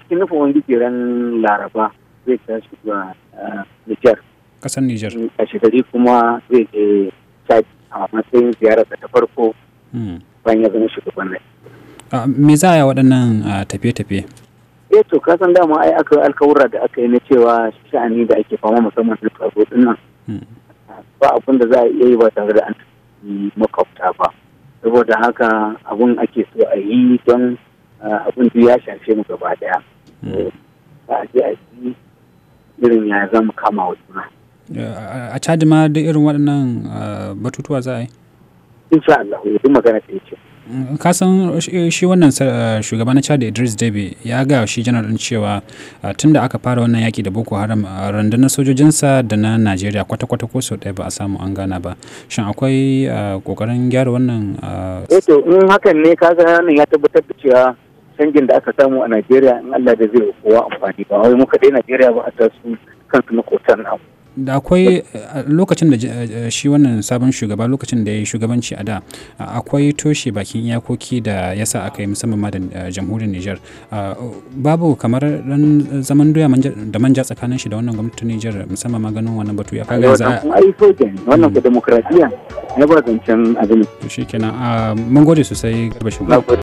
cikin nufin wani ran laraba zai tashi zuwa eh, nijar Kasan nijar mm, a shekari kuma zai je chad a matsayin ziyarar ta farko hmm. bayan ya zama shugaban rai ah, me za a yi waɗannan ah, tafiye-tafiye eh to kasan san dama ai aka alkawura da aka yi na cewa sha'ani da ake fama musamman na tsaro din nan hmm. ba abin da za a iya yi ba tare da an makwabta ba saboda haka abun ake so a yi don abin da ya shafe mu gaba daya ba a je a irin ya zama kama wa juna a caji ma da irin waɗannan batutuwa za a yi insha Allah yanzu magana ta ce ka san shi wannan shugaba na chad idris debi ya ga shi janar din cewa tun da aka fara wannan yaki da boko haram rundunar sojojinsa da na najeriya kwata-kwata ko sau ɗaya ba a samu an gana ba shin akwai kokarin gyara wannan eto eh in hakan ne ka ga ya tabbatar da cewa canjin da aka samu a najeriya in allah da zai kowa amfani ba wai muka dai najeriya ba a tasu kansu na makotan namu da akwai eh, lokacin da eh, shi wannan sabon shugaba lokacin da ya yi shugabanci a da akwai toshe bakin iyakoki da ya sa aka yi musamman ma da eh, jamhuriyar Nijar babu kamar ran zaman doya da manja tsakanin shi da wannan gwamnatin Nijar musamman ma ganin wannan batu ya kaga za a yi wannan ko hmm. demokradiya ne ba zancen abin to shikenan mun gode sosai ga shugaba